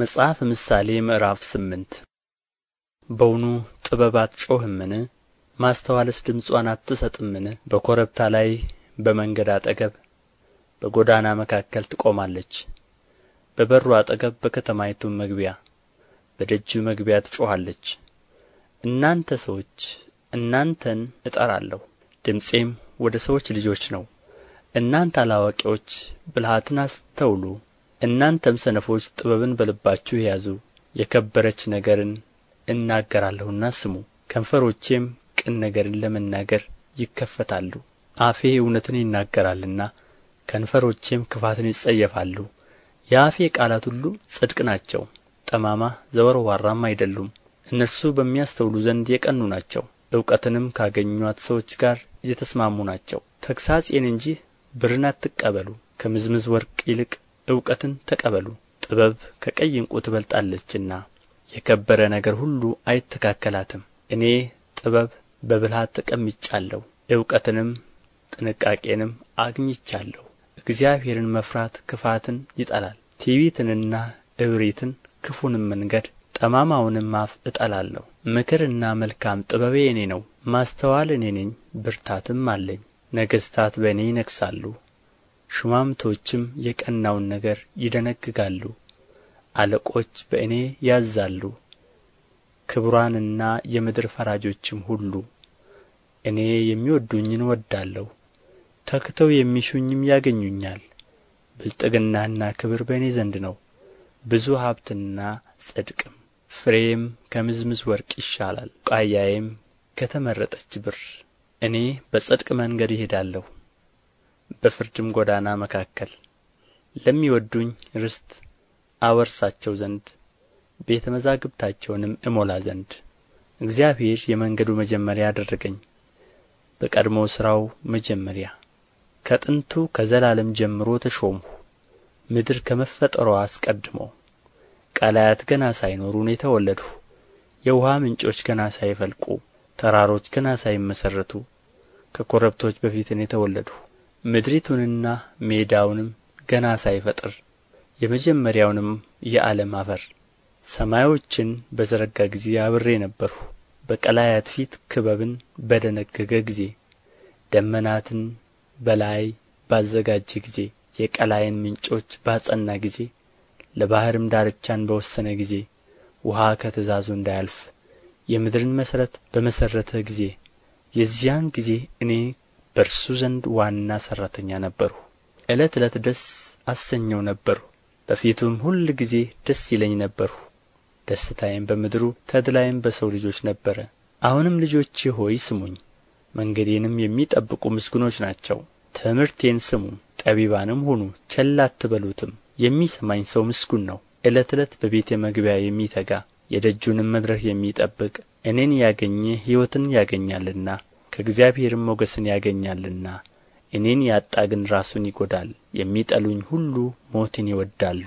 መጽሐፈ ምሳሌ ምዕራፍ ስምንት በውኑ ጥበብ አትጮህምን ማስተዋልስ ድምጿን አትሰጥምን? በኮረብታ ላይ በመንገድ አጠገብ በጎዳና መካከል ትቆማለች። በበሩ አጠገብ በከተማይቱም መግቢያ በደጁ መግቢያ ትጮኋለች። እናንተ ሰዎች እናንተን እጠራለሁ፣ ድምፄም ወደ ሰዎች ልጆች ነው። እናንተ አላዋቂዎች ብልሃትን አስተውሉ እናንተም ሰነፎች ጥበብን በልባችሁ ያዙ የከበረች ነገርን እናገራለሁና ስሙ ከንፈሮቼም ቅን ነገርን ለመናገር ይከፈታሉ አፌ እውነትን ይናገራልና ከንፈሮቼም ክፋትን ይጸየፋሉ የአፌ ቃላት ሁሉ ጽድቅ ናቸው ጠማማ ዘወርዋራም አይደሉም እነርሱ በሚያስተውሉ ዘንድ የቀኑ ናቸው እውቀትንም ካገኟት ሰዎች ጋር የተስማሙ ናቸው ተግሣጼን እንጂ ብርን አትቀበሉ ከምዝምዝ ወርቅ ይልቅ እውቀትን ተቀበሉ ጥበብ ከቀይ ዕንቁ ትበልጣለችና የከበረ ነገር ሁሉ አይተካከላትም እኔ ጥበብ በብልሃት ተቀምጫለሁ እውቀትንም ጥንቃቄንም አግኝቻለሁ እግዚአብሔርን መፍራት ክፋትን ይጠላል ትዕቢትንና እብሪትን ክፉንም መንገድ ጠማማውንም አፍ እጠላለሁ ምክርና መልካም ጥበቤ እኔ ነው ማስተዋል እኔ ነኝ ብርታትም አለኝ ነገሥታት በእኔ ይነግሣሉ ሹማምቶችም የቀናውን ነገር ይደነግጋሉ አለቆች በእኔ ያዛሉ፣ ክቡራንና የምድር ፈራጆችም ሁሉ እኔ የሚወዱኝን እወድዳለሁ ተክተው የሚሹኝም ያገኙኛል ብልጥግናና ክብር በእኔ ዘንድ ነው ብዙ ሀብትና ጽድቅም ፍሬም ከምዝምዝ ወርቅ ይሻላል ቡቃያዬም ከተመረጠች ብር እኔ በጽድቅ መንገድ እሄዳለሁ በፍርድም ጎዳና መካከል ለሚወዱኝ ርስት አወርሳቸው ዘንድ ቤተ መዛግብታቸውንም እሞላ ዘንድ እግዚአብሔር የመንገዱ መጀመሪያ አደረገኝ በቀድሞ ሥራው መጀመሪያ ከጥንቱ ከዘላለም ጀምሮ ተሾምሁ ምድር ከመፈጠሯ አስቀድሞ ቀላያት ገና ሳይኖሩ እኔ የውሃ ምንጮች ገና ሳይፈልቁ ተራሮች ገና ሳይመሠረቱ ከኮረብቶች በፊት እኔ ምድሪቱንና ሜዳውንም ገና ሳይፈጥር የመጀመሪያውንም የዓለም አፈር ሰማዮችን በዘረጋ ጊዜ አብሬ ነበርሁ በቀላያት ፊት ክበብን በደነገገ ጊዜ ደመናትን በላይ ባዘጋጀ ጊዜ የቀላይን ምንጮች ባጸና ጊዜ ለባሕርም ዳርቻን በወሰነ ጊዜ ውሃ ከትእዛዙ እንዳያልፍ የምድርን መሠረት በመሠረተ ጊዜ የዚያን ጊዜ እኔ በእርሱ ዘንድ ዋና ሠራተኛ ነበርሁ ዕለት ዕለት ደስ አሰኘው ነበርሁ በፊቱም ሁል ጊዜ ደስ ይለኝ ነበርሁ ደስታዬም በምድሩ ተድላዬም በሰው ልጆች ነበረ አሁንም ልጆቼ ሆይ ስሙኝ መንገዴንም የሚጠብቁ ምስጉኖች ናቸው ትምህርቴን ስሙ ጠቢባንም ሁኑ ቸል አትበሉትም የሚሰማኝ ሰው ምስጉን ነው ዕለት ዕለት በቤቴ መግቢያ የሚተጋ የደጁንም መድረክ የሚጠብቅ እኔን ያገኘ ሕይወትን ያገኛልና ከእግዚአብሔርም ሞገስን ያገኛልና እኔን ያጣ ግን ራሱን ይጐዳል የሚጠሉኝ ሁሉ ሞትን ይወድዳሉ